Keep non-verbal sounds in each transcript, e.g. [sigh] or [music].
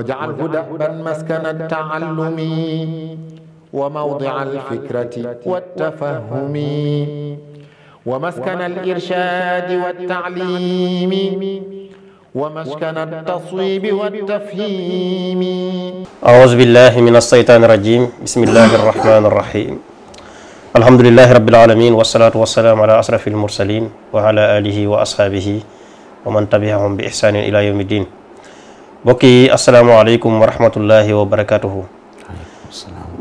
واجعله دأبا مسكن التعلم وموضع الفكرة والتفهم ومسكن الإرشاد والتعليم ومسكن التصويب والتفهيم أعوذ بالله من الشيطان الرجيم بسم الله الرحمن الرحيم الحمد لله رب العالمين والصلاة والسلام على أشرف المرسلين وعلى آله وأصحابه ومن تبعهم بإحسان إلى يوم الدين mbokk yi asalaamaaleykum wa rahmatullahi wa barakaatuhu.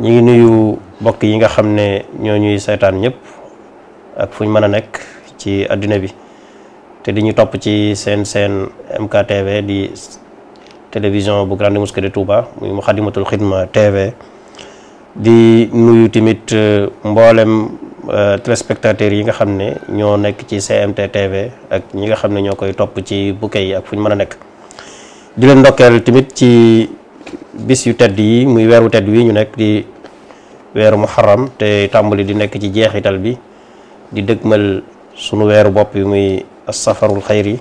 ñu ngi nuyu mbokk yi nga xam ne ñoo ñuy seetaan ñëpp ak fu ñu mën a nekk ci adduna bi te di ñu topp ci seen seen MKTV di télévision bu Grande Mosquée de Touba muy Moukhaddamatoul Khidma TV. di nuyu tamit euh, mboolem euh, téléspectateurs yi nga xam ne ñoo nekk ci GMT TV ak ñi nga xam ne ñoo koy topp ci bouquet yi ak fu ñu mën a nekk. di leen ndokkeel tamit ci bis yu tedd yi muy weeru tedd wii ñu nekk di weeru muharram te tàmbali di nekk ci jeexital bi di dëgmal sunu weeru bopp bi muy asafarul xayr yi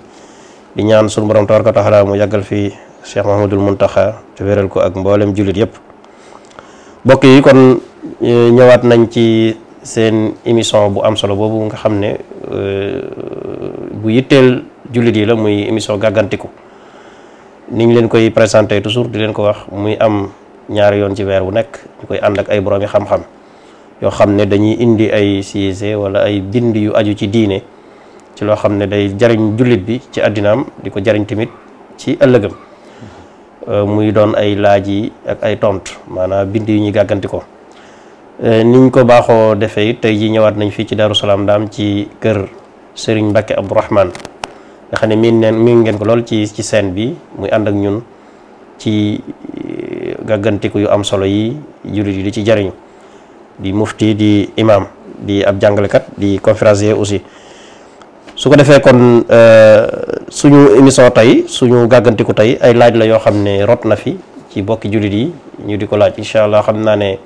di ñaan sunu borom tabaraka taala mu yàggal fi Cheikh Mahamadul Muntaxa te wéral ko ak mbooleem jullit yëpp mbokk yi kon e, ñëwaat nañ ci seen émission bu am solo boobu nga xam ne e, bu yitteel jullit yi la muy émission gàggantiku ni ñu leen koy présenté toujours di leen ko wax muy am ñaari yoon ci weer bu nekk ñu koy ànd ak ay boroomi xam-xam yoo xam ne dañuy indi ay siise wala ay bind yu aju ci diine ci loo xam ne day jariñ jullit bi ci àddinaam di ko jariñ tamit ci ëllëgam euh, muy doon ay laaj yi ak ay tontu maanaam bind yu ñuy gàgganti ko euh, niñ ko baaxoo defee tey ji ñëwaat nañu fii ci Daaru Salaam daam ci kër Serigne Mbacke Abdourahmane nga xam ne miin neen miin ngeen ko ci ci scène bi muy ànd ak ñun ci eh, gàggantiku yu am solo yi jurit yi di ci jariñu di mufti di imam di ab jàngalekat di conférencier aussi su ko defee kon eh, suñu émission tey suñu gàggantiku tey ay laaj la yoo xam ne rot na fi ci bokki julit yi ñu di ko laaj incha allah xam naa ne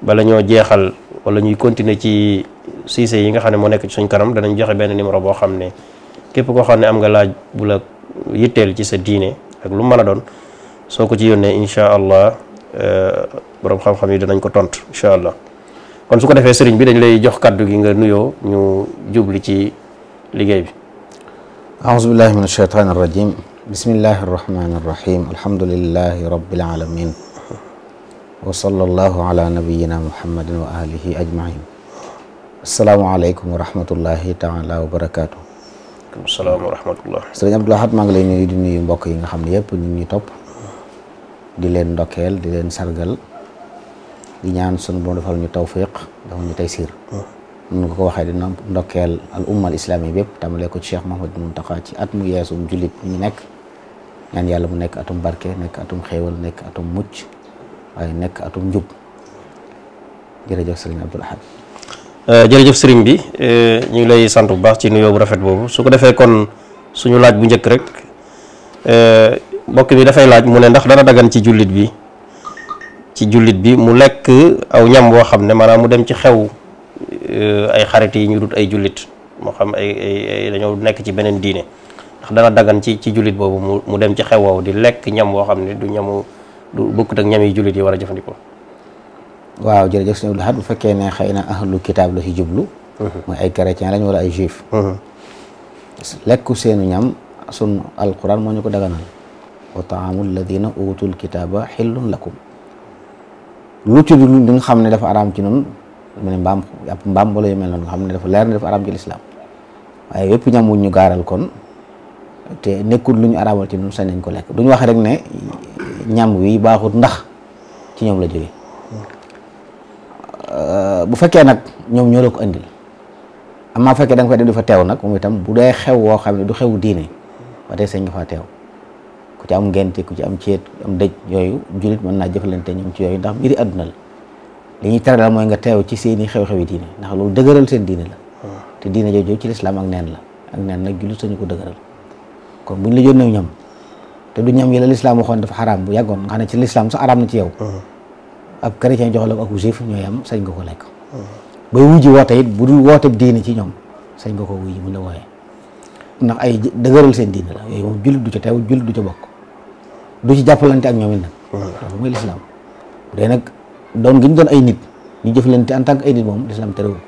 bala ñoo jeexal wala ñuy continuer ci siise yi nga xam ne moo nekk ci suñ kanam danañ joxe benn numéro boo xam ne képp koo xam ne am nga laaj bu la yitteel ci sa diine ak lu mën a doon soo ko ci yónnee incha allah eh, borom xam-xam yi danañ ko tontu incha allah kon su ko defee sëriñ bi dañ lay jox kàddu gi nga nuyoo ñu jubli ci liggéey bi aouzu billahi min ashaytan arrajim bismillahi arrahmani arrahim alhamdulilahi rabbil alamin wa sallallahu ala nabiyina muhammadin wa alihi ajmain asalaamualeykum wa rahmatullahi taala wa barakatuh waaleykum salaam wa rahmatullah. sëriñ maa ngi lay nuyu di nuyu mbokk yi nga xam ne yëpp ñu ngi topp di leen ndokkeel di leen sargal di ñaan sunu boo defal ñu tawfiq dafa ñu tey siir. nu ko waxee dina ndokkeel al umma al islami bépp tàmbalee ko ci Cheikh Mouhamadou Mountakha ci at mu yeesum jullit ñu nekk ñaan yàlla mu nekk atum barke nekk atum xéewal nekk atum mucc waaye nekk atum njub jërëjëf sëriñ Abdou Lahad. Euh, jërëjëf sëriñ bi euh, ñu ngi lay sant bu baax ci nuyoo bu rafet boobu su ko defee kon suñu laaj bu njëkk rek euh, mbokk bi dafay laaj mu ne ndax dana dagan ci jullit bi ci jullit bi mu lekk aw ñam woo xam ne maanaam mu dem ci xew ay xarit yi ñu dut ay jullit moo xam ay ay dañoo nekk ci beneen diine ndax dana dagan ci ci jullit boobu mu mu dem ci xew woowu di lekk ñam woo xam ne du ñamu du bokkut ak ñam yi jullit yi war a jëfandikoo. waaw jërëjëf sëñ Abdul Ahad bu fekkee ne xëy na ahlu kitaab la ci jublu mhm. mooy ay chrétien lañu wala ay juif mhm. lekku seenu ñam sun alquran moo ñu ko daganal wa taamu alladina utul kitaaba xillun lakum lu ci dul li nga xam ne dafa araam ci noonu mu ne mbaam yàpp mbaam wala yu mel noonu nga xam ne dafa leer ne dafa araam ci lislaam waaye yëpp ñam ñu gaaral te nekkul lu ñu araamal ci noonu sañ nañ ko lekk duñ waxe rek ne ñam wi baaxut ndax ci ñoom la jóge bu fekkee nag ñoom ñoo la ko indil amaa fekkee da nga koy def di fa teew nag moom itam bu dee xew woo xam ne du xew diine ba tey sañ nga faa teew ku ci am ngente ku ci am ceet am dëj yooyu jullit mën naa jëfalante ñoom ci yooyu ndax mbiri àdduna la li ñuy tere daal mooy nga teew ci seeni xew xew yi diine ndax loolu dëgërël seen diine la te diine jooju ci lislaam ak neen la ak neen nag jullit sañu ko dëgëral kon ñu la yónnee ñam te du ñam yi la lislaam waxoon dafa xaraam bu yàggoon nga xam ne ci lislaam sax araam na ci yow uh-huh. ab chrétien jox la ko ak juif ñooy am sañ nga ko lekk bay wujji woote it bu dul woote diine ci ñoom sañ nga ko wujji mu la wooyee ndax ay dëgëral seen diine la yooyu moom jullit du ca teew jullit du ca bokk du ci jàppalante ak ñoom it nag loolu mooy lislaam bu dee nag doon gi doon ay nit ñu jëflante en tant que ay nit moom lislaam terewul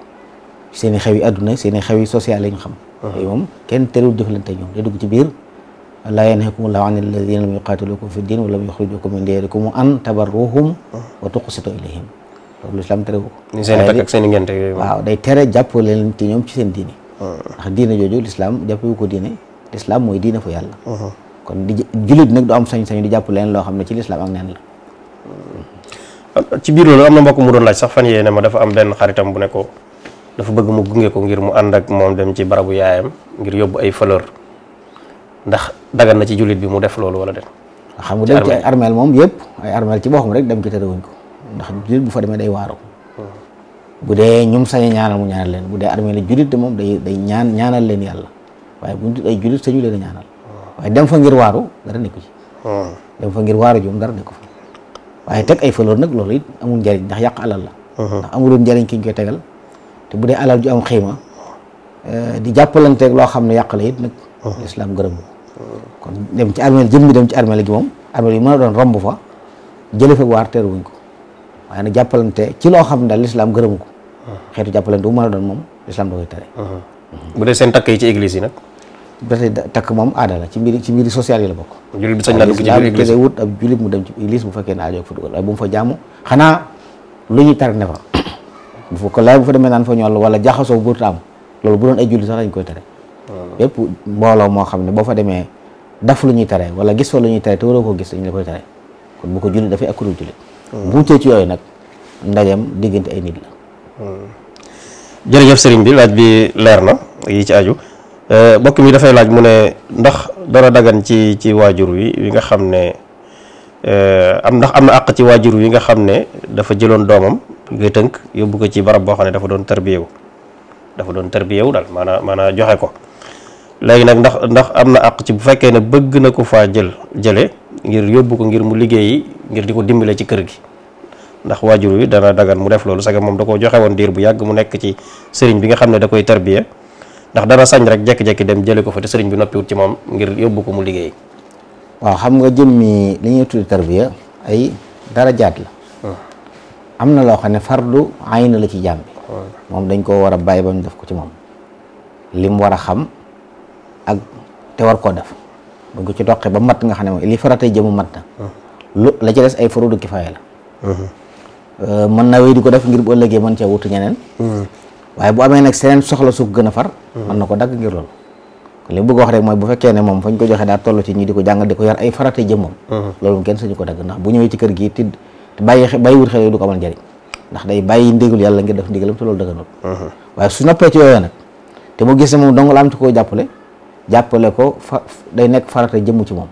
seen i xew yi àdduna seen i xew yi social yi xam yooyu moom kenn terewul jëflante ñoom day dugg ci biir laa yanhaakumu llaahu ani lladiina lam yuqaatilukum fi ddiin wa lam yuxrijukum min diyarikum an tabarruhum wa tuqsitu ilayhim loolu ko ak seen ngente yooyu waaw day tere jàppale leen ci ñoom ci seen diine hmm. ndax diine jooju lislaam jàppewu ko diine lislaam mooy diine fu yàlla hmm. kon di jullit nag du am di jàpp leen loo xam ne ci lislaam ak neen hmm. ci biir loolu na mbokk mu doon laaj sax fan yee ma dafa am benn xaritam bu ne ko dafa bëgg mu gunge ko ngir mu ànd ak moom dem ci barabu yaayam ngir yóbbu ay fleur ndax dagan na ci jullit bi mu def loolu wala den xam nga dem ci armeel moom yëpp ay armeel ci boppam rek dem ci terewuñ ko ndax jullit bu fa demee day waaru hmm. bu dee ñum sañ ñaanal mu ñaanal leen bu dee armeel jullit de moom day day ñaan ñaanal leen yàlla waaye buñ dul ay jullit sañu leen a ñaanal hmm. waaye dem fa ngir waaru dara nekku ci hmm. dem fa ngir waaru jum dara nekku fa waaye teg ay fëloor nag loolu it amul njariñ ndax yàq alal la ndax amuloon njariñ ki ñu koy tegal te bu dee alal ju am xiima eh, di jàppalanteeg loo xam ne yàq la it nag Uh-huh. lislaam gërëm kon dem ci armeel jëm bi dem ci armeel gi moom armeel yi mën a doon romb fa jële fa waar teeru wuñ ko waaye nag jàppalante ci loo xam ne daal lislaam gërëmu ko uh-huh. xeetu jàppalante bu mën a doon moom lislaam da koy tere uh-huh. bu dee seen takk yi ci moom aada ci mbiri ci mbiri social yi la bokk jullit bi sañ naa dugg bu fekkee ne aajo fa dugal waaye xanaa lu ñuy tar ne fa [coughs] bu fa ko laay demee naan fa ñool wala jaxasoo bu am loolu bu doon ay jullit sax lañ koy tere bépp mbooloo moo xam ne boo fa demee daf lu ñuy tere wala gis fa lu ñuy te waroo koo gis dañu la koy tere kon bu ko jullit dafay ak ku dul ci yooyu nag ndajeem diggante ay nit la hmm. jërëjëf sëriñ bi laaj bi leer na yi ci aju euh, mbokk mi dafay laaj mu ne ndax dara dagan ci ci waajur wi wi nga xam ne euh, am ndax am na àq ci waajur wi nga xam ne dafa jëloon doomam nga tënk yóbbu ko ci barab boo xam ne dafa doon tarbiyewu dafa doon tarbiyewu daal maanaa maanaa joxe ko léegi nag ndax ndax am na àq ci bu fekkee ne bëgg na ko faa jël jële ngir yóbbu ko ngir mu liggéeyi ngir di ko dimbale ci kër gi ndax waajur wi dana dagan mu def loolu saga moom da ko joxe woon diir bu yàgg mu nekk ci sëriñ bi nga xam ne da koy ndax dana sañ rek jekki dem jële ko fa te sëriñ bi noppiwut ci moom ngir yóbbu ko mu liggéey xam nga jëmmi li ñuy tuddi tarbiya ay darajaat la hmm. am na loo xam ne fardu ayn la ci jàmm moom dañ koo war a bàyyi ba mu def ko ci moom lim war a xam ak te war koo def buñ ko ci doqee ba mat nga xam ne moom li faratay jëmu mat na ah. lu la ci des ay farudu kifaaya la ah. euh, mën na wéy di ko def ngir bu ëllëgee mën cee wutu ñeneen hmm. waaye bu amee nag seneen soxla suuf gën a far hmm. mën na ko dagg ngir loolu li bëgg wax rek mooy bu fekkee ne moom fañ ko joxee daa toll ci ñi di ko jàngal di ko yar ay faratay jëm moom hmm. loolu kenn suñu ko dagg ndax bu ñëwee ci kër gi tid bàyyi bàyyi wut xel du ko amal njëriñ ndax day bàyyi ndigal yàlla ngir def ndigalam te loolu dëgganul waaye su noppee ci yooyu nag te mu gis ne moom dong la am ci koo jàppale jàppale ko fa day nekk farata jëmm ci moom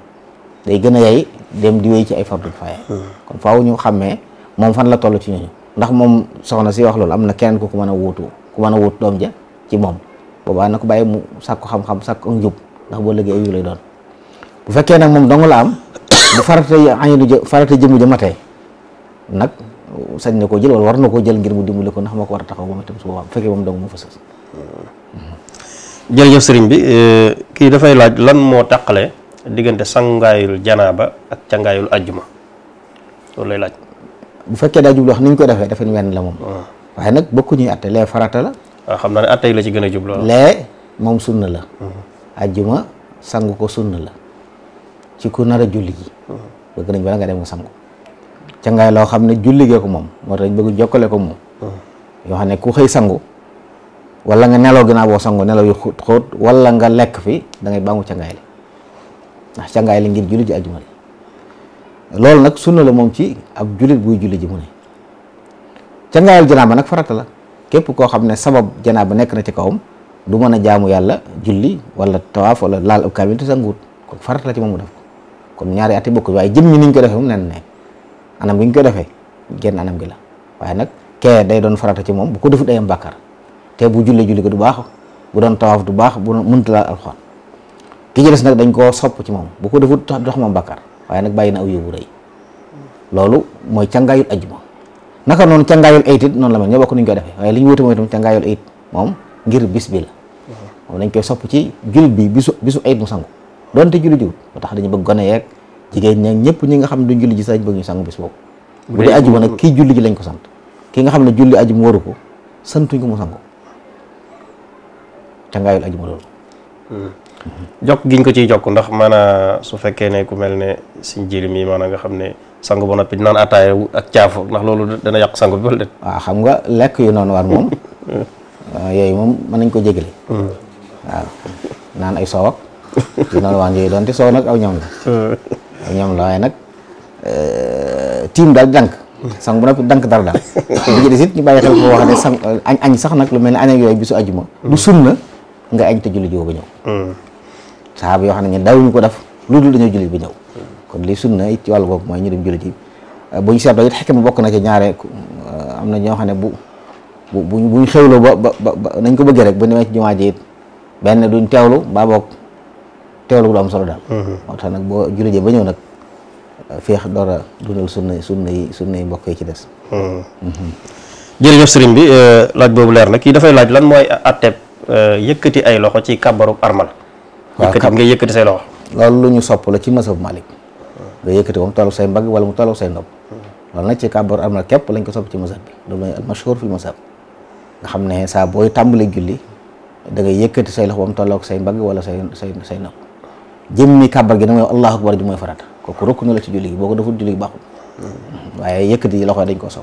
day gën a yay dem di ci ay fardul kifaaya hmm. kon faaw ñu xàmmee moom fan la toll ci ñooñu ndax moom soxna si wax loolu am na keneen ku ko mën a wóotu ku mën a wóotu doom ja ci moom boobaa na ko bàyyi mu sàkku xam-xam sàkku ak njub ndax boo liggéey yu lay doon bu fekkee nag moom dong la am bu farata aynu jë farata jëmm ja matee na koo jël wala war na koo jël ngir mu dimbali ko ndax moo war a taxaw moom itam su boobaa bu fekkee moom dong mu fa sës hmm. jërëjëf sëriñ bi euh, kii dafay laaj lan moo taqale diggante sangaayul janaaba ak cangaayul ajjuma loolu lay laaj. bu fekkee daa jublu wax ni ko defee dafa ñu wenn la moom. Ah. waaye nag bokkuñuy atte farata la. Ah, xam naa ne atte yi la ci gën a jublu. lee moom sunna la. Hmm. ajjuma sangu ko sunna la. ci ku nar a julli ji. Hmm. bëgg nañ bala nga dem nga sangu. cangaay loo xam ne julli gee ko moom moo tax ñu jokkale ko moom. Hmm. yoo xam ne ku xëy sangu. wala nga nelaw ginnaaw boo sangu nelaw yu xóot xóot wala nga lekk fi da ngay bàngu cangaay li ndax cangaay li ngir julli ji àjjuma li loolu nag sunna la moom ci ab jullit buy julli ji mu ne cangaayal ba nag farata la képp koo xam ne sabab janaa janaaba nekk na ci kawam du mën a jaamu yàlla julli wala tawaaf wala laal ab kaamil te sanguut kon farata la ci moom mu def ko kon ñaari ati yi bokk waaye jëm ñi niñ ko defee moom nen ne anam gi ñu ko defee genn anam gi la waaye nag kee day doon farata ci moom bu ko defut day am te bu jullee julli ko du baax bu doon tawaaf du baax bu mënta laal alxuraan ki ci des nag dañ koo sopp ci moom bu ko defut dox moom bàkkaar waaye nag bàyyi na aw yóbbu loolu mooy cangaayul ajjuma naka noonu cangaayul ayit it noonu la mel ñoo bokk nuñ koy defee waaye li ñu wute mooy itam cangaayul ayit moom ngir bis moom dañ koy sopp ci jullit bi bisu bisu ayit mu doonte julli jiwut ba tax dañu bëgg gone yeeg jigéen ña ñëpp ñi nga xam ne duñ julli ji sax bëgg ñu sangu boobu bu dee ajjuma nag kii julli ji lañ ko sant ki nga xam ne julli ajjuma waru ko santuñ ko mu sangu cangaayul ajuma loolu hmm. jokk giñ ko ciy jokk ndax maanaa su fekkee ne ku mel ne suñ jili mi maanaa nga xam ne sangu ba noppi naan ak caafo loolu dana yàq sangu bi wala déet xam nga lekk yu noonu war moom [laughs] yooyu moom mën nañ ko jégale hmm. waaw naan ay soow ak yu noonu waan yooyu doonte soow nag aw ñoom la hmm. aw ñoom la nag euh, tiim daal dank sang bu noppi dank dara daal di jëlee sit ñu bàyyi xel ko wax ne sang añ añ sax nag lu mel ne añ yooyu bisu ajuma du sunna nga añ te julli ba ñëw hmm. saxaaba yoo xam ne daawuñu ko def lu dul dañoo julli ba ñëw kon li sunna it ci wàllu boobu mooy ñu dem julli ji euh, bu ñu seetloo na ci ñaare euh, am na ñoo xam ne bu bu bu ñu xewloo ba ba ba nañ ko bëggee rek bu demee ci jumaa ji it benn duñ teewlu ba boog teewlu du am hmm. boo julli ji ba ñëw nag euh, feex door a dundal sunna sunna yi sunna yi mbokk yi ci des hmm. mhm. jërëjëf sëriñ bi laaj boobu leer na kii dafay laaj lan mooy atteb Euh, yëkkati ay loxo ci kàbbaru armal yëkkati nga yëkkati say loxo loolu lu ñu sopp la ci masab Malik nga yëkkati ko mu tolloog say mbagg wala mu tolloog say nopp loolu nag ci kàbbaru armal képp lañ ko sopp ci masab bi loolu mooy al mashhur fil masab nga xam ne saa booy tàmbali julli da ngay yëkkati say loxo ba mu tolloog say mbagg wala say say say nopp jëmmi kàbbar gi nag mooy allahu akbar ji mooy farata kooku rukk na la ci julli gi ko deful julli gi baaxul waaye yëkkati loxo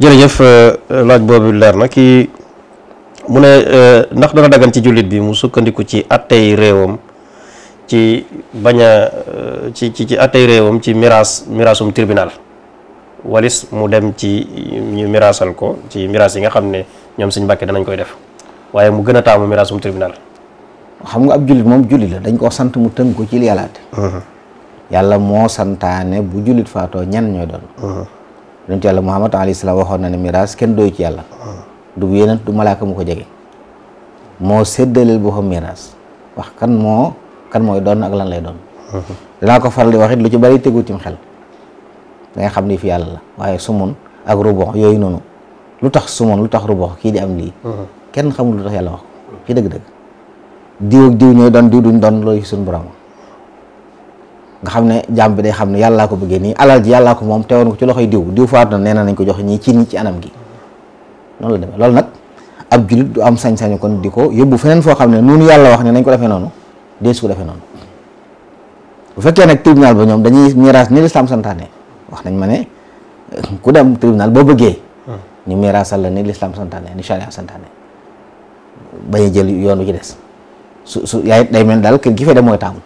euh, boobu leer na kii mu ne eh, ndax dana daggan ci jullit bi mu sukkandiku ci attey réewam ci baña eh, ci ci ci attey réewam ci miraas miraasum tribunal walis mu dem ci ñu miraasal ko ci miraas yi nga xam ne ñoom suñ mbàkke danañ koy def waaye mu gën a taamu miraasum tribunal xam nga ab jullit moom jullit la dañ koo sant mu tënk ko ci yàllaate uh-huh. yàlla moo santaane bu jullit faatoo ñan ñooy doon uh-huh. yonent yàlla Muhammad alayhi salaam waxoon na ne miraas kenn doy ci yàlla uh-huh. du yeneen du malaaka mu ko jege moo séddaleel boo xam miraas wax kan moo kan mooy doon ak lan lay doon danaa ko faral di wax it lu ci bari tegu cim xel da xam ni fi yàlla la waaye sumun ak rubox yooyu noonu lu tax sumun lu tax rubox kii di am lii kenn xamul lu tax yàlla wax ko ci dëgg-dëgg diw ak diw ñooy doon diw duñ doon loolu suñu borom nga xam ne jàmm bi day xam ne yàllaa ko bëggee nii alal ji yàllaa ko moom teewoon ko ci loxoy diw diw faatu na nee na nañ ko jox ñii ci nii ci anam gi noonu la loolu nag ab julit du am sañ-sañu kon di ko yóbbu feneen foo xam ne noonu yàlla wax ne nañ ko defee noonu deesu ko defee noonu bu fekkee nag tribunal ba ñoom dañuy miraas ni lislaam santane wax nañ ma ne eh, ku dem tribunal boo bëggee hmm. ñu miraasal la ni lislaam santaane ni charia santaane bañ a jël yoon wi ci des su su yaay day mel daal kër gi fee dem mooy taamu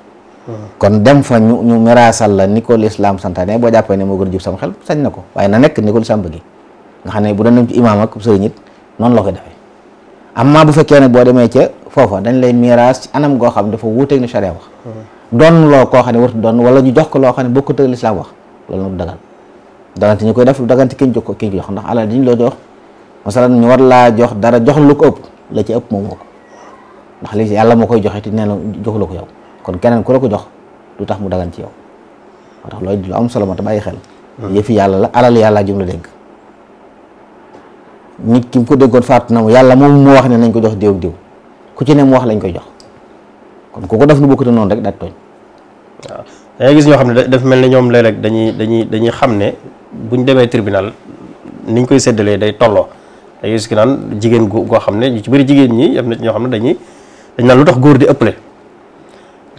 hmm. kon dem fa ñu ñu miraasal la ni ko lislaam santaane boo jàppee ne moo gën a jub sama xel sañ na ko waaye na nekk ni ko lislaam nga xam ne bu doon dem ci imaam ak sëriñ it noonu la koy defee amma bu fekkee ne boo demee ca foofa dañ lay miiras ci anam goo xam dafa wuuteeg ni charia wax doon loo koo xam ne warut doon wala ñu jox ko loo xam ne bokkut ak lislaam wax loolu nag dagal dagante ñu koy def dagante kiñ jox ko kiñ jox ndax alal diñ loo jox masalan ñu war laa jox dara jox lu ko ëpp la ëpp moom ko ndax li yàlla moo koy joxe te nee na joxuloo ko yow kon keneen ku la ko jox du tax mu dagan ci yow moo tax loolu lu am solo ma te bàyyi xel hmm. yëfi yàlla la alal yàlla jum la dénk nit ki mu ko déggoon fàtt na mu yàlla moom moo wax ne nañ ko jox diw diw ku ci ne mu wax lañ koy jox kon ku ko def lu bokkute noonu rek daaj tooñ waaw gis ñoo xam ne daf mel ne ñoom léeg dañuy dañuy dañuy xam ne buñ demee tribunal niñ koy séddalee day tolloo dangay ki naan jigéen gu goo xam ne ñu ci bëri jigéen ñi am na ci ñoo xam ne dañuy dañ naan lu tax góor di ëppale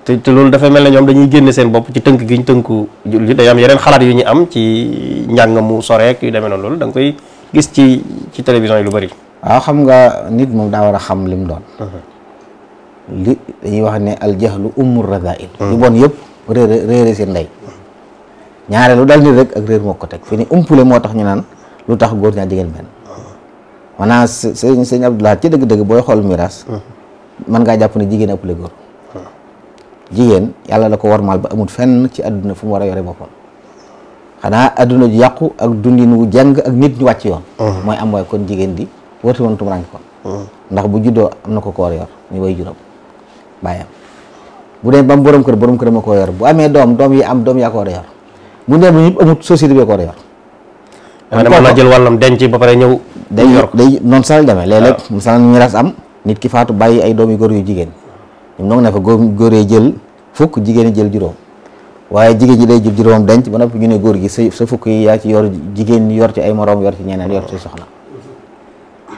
te te loolu dafay mel ne ñoom dañuy génne seen bopp ci tënk gi ñu tënku day am yeneen xalaat yu ñu am ci njàng mu soreek yu deme noonu loolu da koy gis ci ci télévision yi lu bari. waaw xam nga nit moom daa war a xam lim doon. Uh-huh. li dañuy wax ne aljahlu ummu radail uh-huh. lu bon yëpp réere réere seen ndey. ñaare lu dal nit rek ak réer moo ko teg fi ni umpule moo tax ñu naan lu tax góor ñaa jigéen benn. Uh-huh. maanaam sëñ sëñ booy xool miras. man ngaa jàpp ne jigéen ëppale góor. jigéen yàlla la ko warmaal ba amul fenn ci àdduna fu mu war a yore boppam. xanaa adduna ju yàqu ak dundin wu jàng ak nit ñu wàcc yoon mm-hmm. mooy am waaye kon jigéen di wërtu woon tumuraanke kon mm-hmm. ndax bu juddoo am na ko koor yor ñu way bu dee ba mu borom kër borom kër ma ko yor bu amee doom doom yi am doom yaa bu ñëpp amut société a yor mën na jël wàllam denc ba pare ñëw day yor day noonu sax demee léeg-léeg misaal am nit ki faatu bàyyi ay doom yu góor yu jigéen ñoom noonu ne fa góor góoree jël fukk jigéen jël juróom waaye jigéen ji day jur juróom denc ba noppi ñu ne góor gi sa sa fukk yi yaa ci yor jigéen yor ci ay moroom yor ci ñeneen yor ci soxna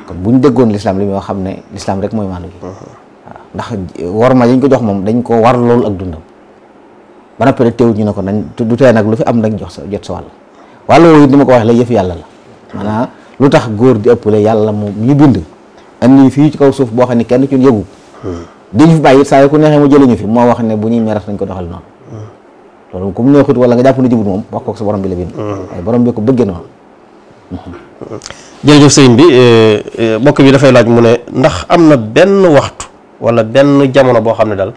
kon bu ñu déggoon lislaam li moo xam ne lislaam rek mooy maandu gi waaw ndax war ma dañ ko jox moom dañ ko war loolu ak dundam ba noppi rek teewut ñu ne ko nañ du tee nag lu fi am nag jox sa jot sa wàll wàll woowu ni ma ko wax la yëf yàlla la maanaam lu tax góor di la yàlla moom ñu bind andi fii ci kaw suuf boo xam ne kenn ci yëgu hmm. di ñu fi bàyyi saa ku neexee mu jëlee ñu fi moo wax ne bu ñuy meras nañ ko doxal loolu ku mu neexut wala nga jàpp ne jubut moom wax ko sa borom bi la bind mm. bi ko euh, euh, mbokk bi dafay laaj mu ndax am na benn waxtu wala benn jamono boo xam ne daal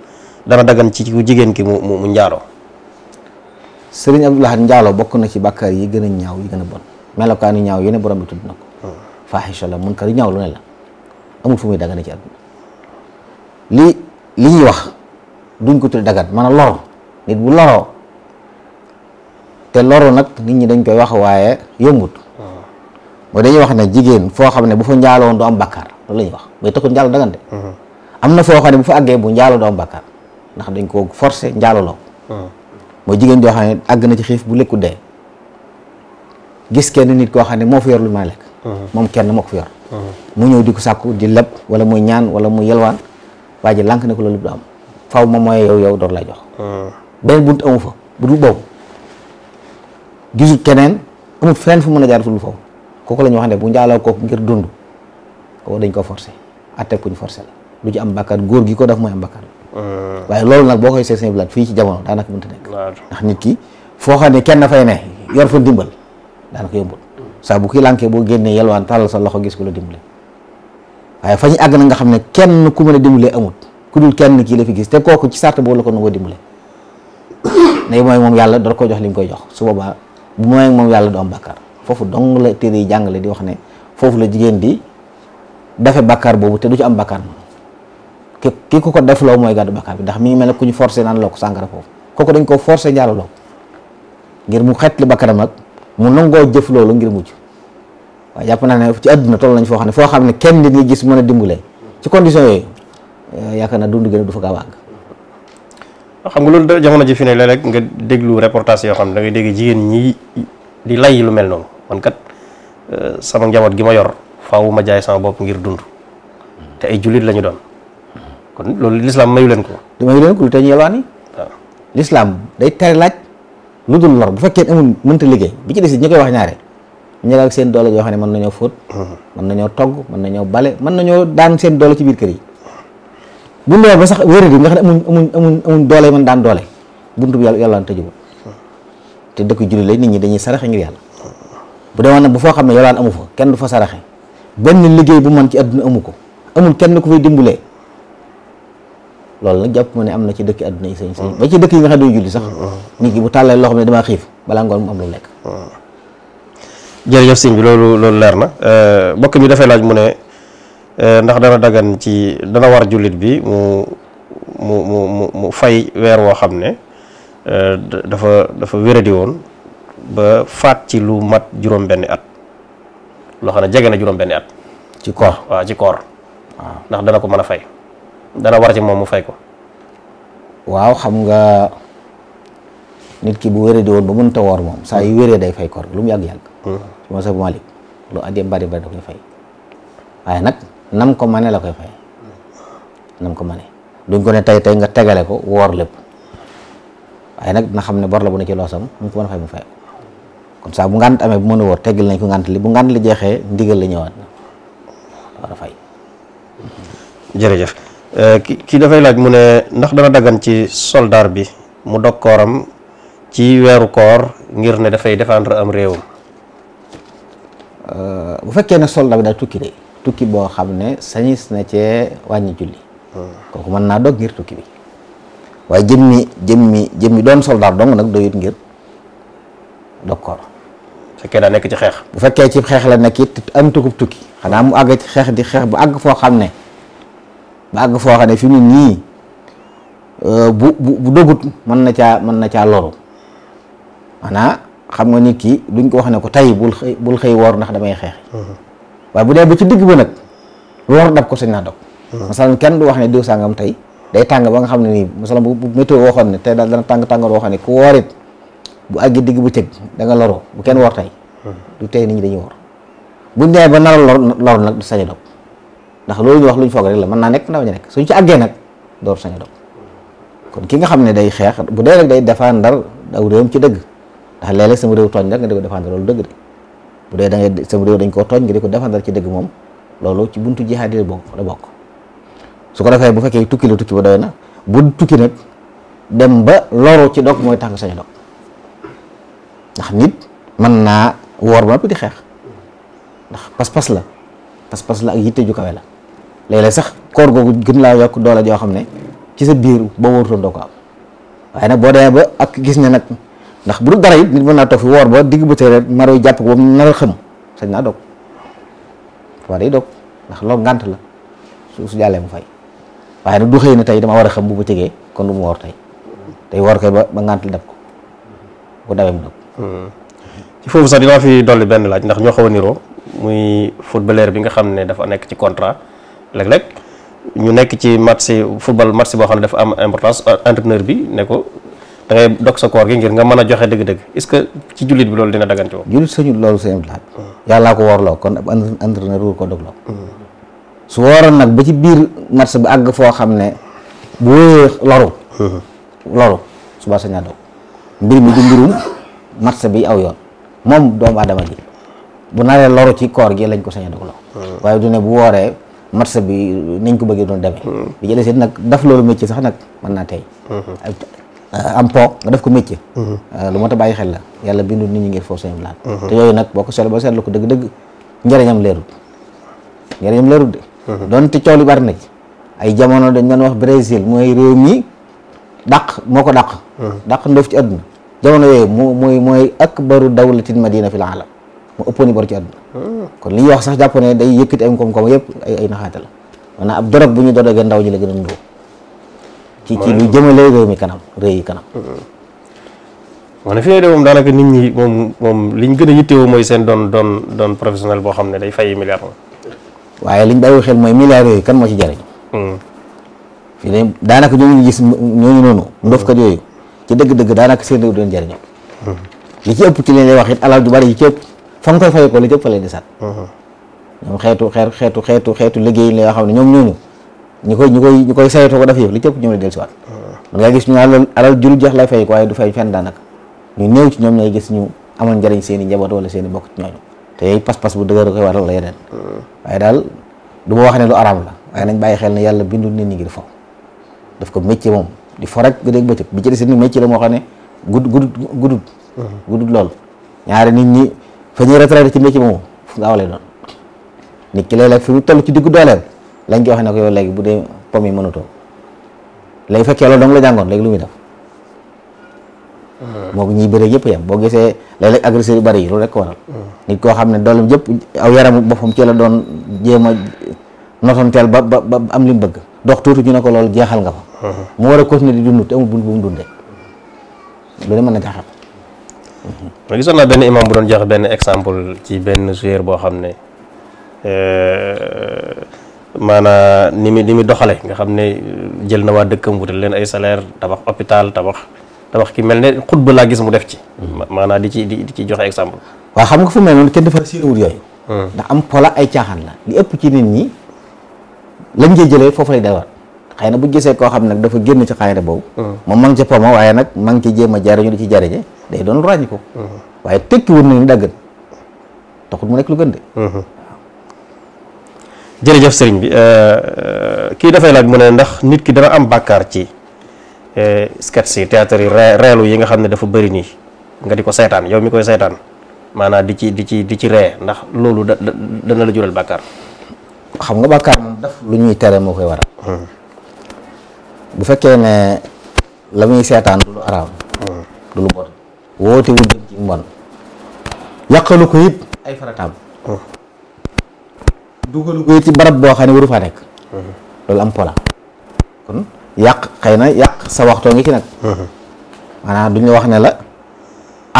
dana dagan ci jigéen ki mu mu njaaloo sëriñ Abdou Lahad njaaloo bokk na ci bàkkaar yi gën a ñaaw yi gën a bon melokaanu ñaaw yene borom bi tudd na ko mm. faaxisha la munkar ñaaw lu ne la amul fu muy dagane ci àdduna li li ñuy wax duñ ko tudd dagan maanaam loro nit bu loroo te loru nag nit ñi dañ koy wax waaye yombut mooy dañuy wax ne jigéen foo xam ne bu fa njaaloon du am bakkaar loolu la ñuy wax mooy taxul njaalo dagante am na foo xam ne bu fa àggee bu njaalo du am bakkaar ndax dañ ko forcé njaalo loo mooy jigéen joo xam ne àgg na ci xiif bu lekku dee gis kenn nit koo xam ne moo fa yor lu ma lekk moom kenn moo ko fa yor mu ñëw di ko sàkku di leb wala muy ñaan wala muy yelwaan waa ji lànk ne ko loolu du am mooy yow yow door laa gisul keneen amul feneen fu mën a jaar ful foofu kooku la ñu wax ne bu njaaloo kooku ngir dund kooku dañ ko forcé atte kuñ forcé la lu ci am bàkkaar góor gi ko daf mooy am bàkkaar euh. waaye loolu nag boo koy seet seen bilaat fii ci jamono daanaka mënta nit ki foo xam ne kenn fay ne yor fa dimbal daanaka yombul saa bu kii lànkee boo génnee yelwaan tàllal sa loxo gis ko la dimbale waaye fa ñu àgg na nga xam ne kenn ku mën a dimbalee amut ku dul kenn kii la fi gis te kooku ci sart boobu la ko nangoo dimbale [coughs] ne mooy moom yàlla dara ko jox li mu koy jox su bu mooy moom yàlla du am bàkkaar foofu don la téere yi jàngale di wax ne foofu la jigéen di dafe bàkkaar boobu te du ci am bàkkaar moom ki ki ko ko def loo mooy gàddu bàkkaar bi ndax mi ngi mel ne ku ñu forcé naan loo ko sàngara foofu kooku dañ ko forcé njaalo loo ngir mu xet li bàkkaaram nag mu nangoo jëf loolu ngir mujj waaye jàpp naa ne ci àdduna toll nañ foo xam ne foo xam ne kenn nit ñi gis mën a dimbale ci condition yooyu eh, yaakaar naa dund gën a du fa gaaw xam nga loolu jamono ji fi ne léeg rek nga déglu reportage yoo xam ne da ngay dégg jigéen ñi di lay lu mel noonu man kat euh, sama njaboot gi ma yor faw ma jaay sama bopp ngir dund te ay jullit lañu doon kon loolu lislaam mayu leen ko. mayu leen ko lu tey ñu yalwaani. lislaam day tere laaj lu dul lor bu fekkee amul mënta liggéey bi ci des ñu koy wax ñaare ñu ak seen doole joo xam ne mën nañoo fóot. Mhm. mën nañoo togg mën nañoo bale mën nañoo daan seen doole ci biir kër yi. bu ñu ba sax wéeréer yi nga xam ne amuñ amuñ doole mën daan doole buntu bi yàlla yàlla tëjuwul te dëkk julli lay nit ñi dañuy saraxe ngir yàlla bu demoon nag bu foo xam ne yàlla amu fa kenn du fa saraxe benn liggéey bu man ci àdduna amu ko amul kenn ku fay dimbulee loolu jàpp ma ne am na ci dëkk àdduna yi sañ sañ ci dëkk yi nga xam ne duñ julli sax nit ki bu tàllalee loo xam ne damaa xiif balaa ngoon mu am lu lekk jërëjëf sëñ bi loolu loolu leer na euh, mbokk mi dafay laaj mu ne Eh, ndax dana dagan ci dana war jullit bi mu mu mu mu fay weer woo xam ne eh, dafa dafa wéradi woon ba faat ci lu mat juróom-benni at loo xam ne jege na juróom-benni at. ci koor waaw ci koor. ndax dana ko mën a fay dana war ci moom mu fay ko. waaw xam nga nit ki bu wéradi woon ba mënut a woor moom saa yu wéree day fay koor lu mu yàgg-yàgg. Hmm. ci mos a bu Malik lu addeem bari bari da koy fay waaye nag. nam ko mane la koy fay nam ko mane duñ ko ne tey tey nga tegale ko woor lépp waaye nag dina xam ne bor la bu ne ci loosam mu ko mën fay mu fay kon saa bu ngànt amee mën a woor nañ ko ngànt li bu ngànt li jeexee ndigal la ñëwaat war jërëjëf euh, kii dafay laaj mu ne ndax dafa daggan ci soldaar bi mu dog kooram ci weeru koor ngir ne dafay défendre am réewam euh, bu fekkee ne soldat bi daal tukki de tukki boo xam ne sañis na cee wàññi julli kooku mën naa dog ngir tukki bi waaye jëmmi jëmmi jëmmi doon soldaar dong nag doyut ngir dog koor bu fekkee daa nekk ci xeex bu fekkee ci xeex la nekk it am tukki xanaa mu àgg xeex di xeex bu àgg foo xam ne ba àgg foo xam ne fi mu nii euh, bu bu dogut mën na caa mën na caa loru maanaa xam nga nit ki duñ ko wax ne ko tey bul xëy bul xëy woor ndax damay xeex waaye bu dee ba ci digg ba nag loor dab ko sañ naa dog hmm. masalan kenn du wax ne diw sàngam tey day tàng ba nga xam ne nii masalan bu météo waxoon ne tey daal dana tàng tàngoor waxoon ne ku woorit bu àggi digg bu cëg danga nga bu kenn woor tey hmm. du tey nit ñi dañuy buñ demee ba nara lor lor nag sañ dog ndax loolu wax lu foog rek la mën naa nekk ndaw ñu nekk suñ ci àggee nag door sañ a kon ki nga xam ne day xeex bu dee nag day défendre aw ci dëgg ndax léeg-léeg sama réew tooñ nag nga di ko défendre loolu dëgg de bu dee da ngay sam réew dañ koo tooñ nga di ko défendre ci dëgg moom loolu ci buntu jihaad yi bokk bokk su ko defee bu fekkee tukki la tukki ba doy na bu tukki nag dem ba loru ci dog mooy tax nga sañ dog ndax nit mën naa wóor ba noppi di xeex ndax pas-pas la pas-pas la ak yitte ju kawe la léeg-léeg sax koor googu gën laa yokk doole joo xam ne ci sa biir ba wóorutoon doo ko am waaye nag boo demee ba ak gis ne nag ndax bu dul dara it nit mën naa toog fi woor ba digg bëccëg rek maroy jàpp ko ba mu nar a xëm sañ naa dog waa day dog ndax loolu ngànt la su su jàllee mu fay waaye nag du xëy na tey dama war a xam bu bëccëgee kon du mu woor tey tey woor kay ba ba ngànt li ko bu dawee mu dog hmm. foofu sax dinaa fi dolli benn laaj ndax ñoo xaw a niroo muy footballeur bi nga xam ne dafa nekk ci contrat léeg-léeg ñu nekk ci match football match boo xam ne dafa am importance euh, entraîneur bi ne ko da ngay dog sa koor gi ngir nga mën a joxe dëgg-dëgg est-ce que ci jullit bi loolu dina dagan ci moom jullit sañul loolu sañul laaj yàllaa ko woorloo kon ab entraîneur wóor ko dogloo su wooroon nag ba ci biir match bi àgg foo xam ne bu wéyee loru loru suba sañaa dog mbir mi di mbirum match bi aw yoon moom doomu aadama ji bu naree loru ci koor gi lañ ko saña dogloo waaye du ne bu wooree match bi niñ ko bëggee doon demee hmm. bi jëlee seen nag daf loolu métier sax nag mën naa tey hmm. Euh, am po nga def ko métier. Mhm. Euh, lu moo a bàyyi xel la yàlla bindu nit ñi ngir foofu seen blaat mhm. te yooyu nag boo ko seetlu ba seetlu ko dëgg-dëgg njëriñam leerut njëriñam leerut de mhm. donte coow li bari na ci ay jamono dañ doon wax Brésil mooy réew mi dàq moo ko dàq dàq ndóof ci àdduna jamono yooyu mu mooy mooy akbaru dawlatin madina fil aalam mu ëppoon i bor ci àdduna kon li ñuy wax sax jàpp ne day yëkkati ay koom-koom yëpp ay ay naxaate la maanaam ab dorog bu ñu dorogee ndaw ñi la gën ci ci lu jëmale réew mi kanam réew yi kanam mm-hmm. maanaam fi ngay def moom daanaka nit ñi moom moom liñ gën a yittewoo mooy seen doon doon doon professionnel boo xam ne day fay milliard moom waaye liñ bàyyi xel mooy milliards yooyu kan moo ci jariñ mm-hmm. fii daanaka ñoo ngi gis ñooñu noonu ndofkat yooyu ci dëgg-dëgg daanaka seen réew doon jariñoo mm-hmm. ci ëpp ci leen lay bari yi ci ëpp ko li ci ëpp di sat xeetu xeer xeetu xeetu xeetu liggéey yi yoo xam ne ñoom ñooñu ñu koy ñi koy ñi koy saytoo ko def yëpp li cëpp ñoom la dellusiwaat ah. man nga gis ñu alal alal juru jeex lay fay ko waaye du fay fenn daanaka ñu néew ci ñoom ñooy gis ñu amal njëriñ seen i njaboot wala seen i bokk ci ñooñu te yooyu pas-pas bu dëgër koy waral la yeneen ah. waaye daal du ma wax ne lu araam la waaye nañ bàyyi xel ne yàlla bindul nit ñi ngir fo daf ko métier moom di fo rek guddeeg bëccëg bi ci des ni métier la moo xam ne gudd gudd guddut ah. guddut lool ñaari nit ñi fa ñuy retraité ci métier moomu fu gaaw lay ki léeg-léeg fi mu toll ci diggu dooleel lañ koy wax ne ko yow léegi bu dee pomme yi mënatoo léegi fekkee loolu dong la jàngoon léegi lu muy def. Hmm. moo ñuy bëree yëpp boo gisee la léeg agresseur yu bari yi loolu rek ko hmm. nit koo xam ne dool yëpp aw yaramu boppam ci la doon jéem a ba ba ba am li bëgg dox tuuti ñu ne ko loolu jeexal nga fa. Hmm. mu war a continuer di dund te amul bu mu dundee loolu mën na jaaxal. ma gisoon naa benn imam bu doon joxe benn exemple ci benn joueur boo xam ne. Euh, maanaa ni mu ni mu doxale nga xam ne euh, jël na waa dëkkam wutal leen ay salaire tabax hôpital tabax tabax ki mel ne ba laa gis mu def ci hmm. maanaa di ci di ci joxe exemple waaw xam nga fu mel noonu kenn dafa siirawul yooyu hmm. ndax am pola ay caaxaan la ëpp ci nit ñi lañ jee jëlee foofu lay dawar xëy na bu gisee koo xam ne dafa génn ci xaayira boobu hmm. moom ma ngi ca poma waaye nag ma ngi ci jéem a jariñu di ci jariñe day doon ràññi ko waaye tekki wun na ni dàggan taxul mu nekk lu gën de jërëjëf sëriñ bi euh, kii dafay laaj mu ne ndax nit ki dana am bàkkaar ci euh, sketch yi théâtre yi reelu yi nga xam ne dafa bëri nii nga di ko seetaan yow mi koy seetaan maanaa di ci di ci di ci ree ndax loolu da dana la jural bàkkaar xam nga bàkkaar moom daf lu ñuy tere moo koy waral hmm. bu fekkee ne la muy seetaan du lu araam hmm. du lu bon woote ko it ay farataam hmm. dugalu ko ci barab boo xam ne waru faa nekk loolu am pola yàq xëy na yàq sa waxtoo ngi ci nag maanaam duñu wax ne la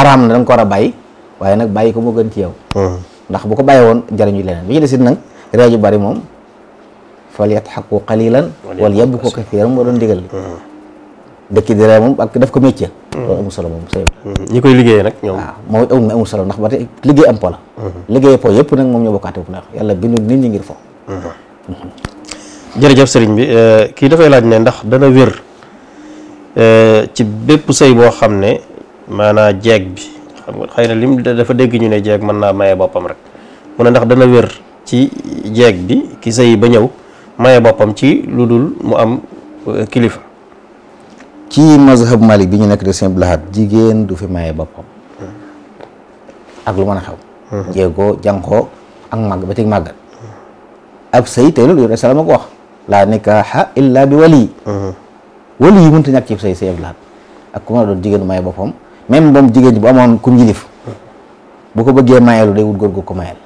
araam na da ko war a bàyyi waaye nag bàyyi ko moo gën ci yow ndax bu ko bàyyi woon jariñu leneen bi ci sit nag yu bari moom fal yadxaku qalilan wal yabku kathiran moo doon digal dëkk dara moom ak def ko métier. Mm. solo mm-hmm. ñi koy liggéeyee nag ñoom. mooy ah, moom amul solo ndax ba tey liggéey am po la. Mm-hmm. liggéey po yëpp nag moom ñoo bokkaate bu neex yàlla bindu nit ñi ngir fo. Mm-hmm. jërëjëf sëriñ bi euh, kii dafay laaj ne ndax dana wér euh, ci bépp sëy boo xam ne maanaa jeeg bi xam nga xëy na lim dafa dégg ñu ne jeeg mën naa maye boppam rek mu ne ndax dana wér ci jeeg bi ki sëy ba ñëw maye boppam ci lu dul mu am euh, kilifa. ci mazhab Malik bi ñu nekk de Sëñ Lahad jigéen du fi maye boppam ak lu mën a xew jéego jànqoo ak màgg ba teg màggat ab sëy tey loolu yore salaam a ko wax laa nikaaha illa bi wali wali yi mënta ñàkk ci sëy Sëñ ak ku mën a doon jigéen du maye boppam même moom jigéen ji bu amoon kum jilif bu ko bëggee mayeelu day wut góor gu ko mayel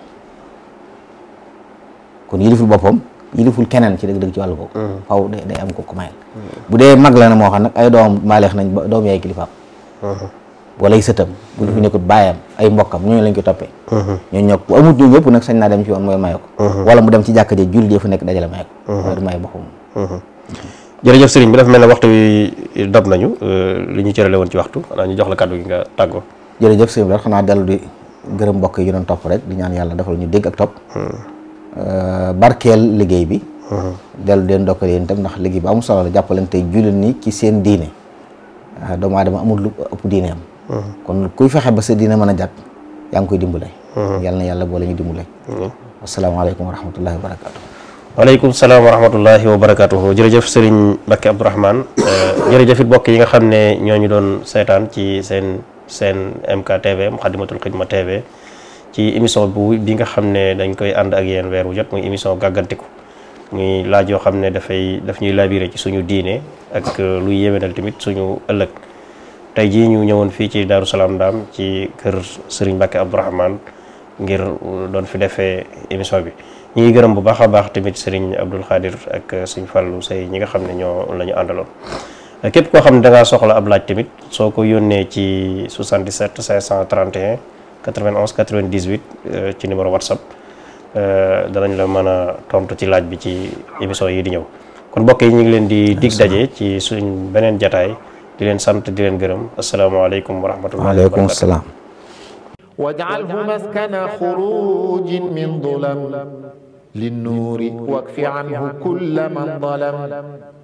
kon yiliful boppam yiliful keneen ci dëgg-dëgg ci wàllu boobu mm. faw day am ko ku bu dee mag la na moo xam nag ay doom maaleex nañ ba doom yaay kilifaam mm-hmm. wala ay sëtam bu ñu fi mm-hmm. nekkut baayam ay mbokkam ñooñu lañ ko toppee mm-hmm. ñu ñoo bu amut ñooñu yëpp nag sañ naa dem ci woon mooy maye ko wala mu dem ci jàkka ji jullit yi fa nekk dajale maye ko wala du maye boppam jërëjëf sëriñ bi dafa mel ne waxtu wi eh, dab nañu eh, li ñu cërale woon ci waxtu xanaa ñu jox la kàddu gi nga tàggoo jërëjëf sëriñ bi xanaa dellu di gërëm mbokk yi ñu doon rek di ñaan yàlla defal ñu dégg ak topp mm. Euh, barkeel liggéey bi. dellu deen ndokkal yéen itam ndax liggéey bi amul solo la jàppalante jullit nii ci seen diine euh, doomu aadama amul lu ëpp diine kon kuy fexe ba sa diine mën a jàpp yaa ngi koy dimbale. yàlla na yàlla boole ñu dimbale. asalaamaaleykum wa rahmatullahi wa barakaatu. waaleykum salaam wa rahmatullahi wa barakaatu jërëjëf Serigne Mbacké Abdourahmane euh, jërëjëf it mbokk yi nga xam ne ñoo ñu doon seetaan ci seen seen MKTV Moukhaddamatoul Khidma TV. ci émission bu bi nga xam ne dañ koy ànd ak yéen weer wu jot muy émission gàggantiku muy laaj yoo xam ne dafay daf ñuy labiré ci suñu diine ak euh, luy dal tamit suñu ëllëg tey jii ñu ñëwoon fii ci Daaru Salaam Ndaam ci kër sëriñ Serigne Mbacke Abdourahmane ngir euh, doon fi defee émission bi ñu ngi gërëm bu baax a baax tamit Serigne Abdoul Khadir ak euh, Serigne lu Sey ñi nga xam ne ñoo la ñu àndaloon képp koo xam ne da ngaa soxla ab laaj tamit soo ko yónnee ci 77 91 98 euh, ci numéro whatsapp euh, danañ la mën a tontu ci laaj bi ci émission yi di ñëw kon mbokk yi ñu ngi leen di dig daje ci suñ beneen jataay di leen sant di leen gërëm asalaamaaleykum wa rahmatullahi waaleykum salaam waj'alhu maskana xurujin min dulam linnuuri wakfi anhu kulla man dalam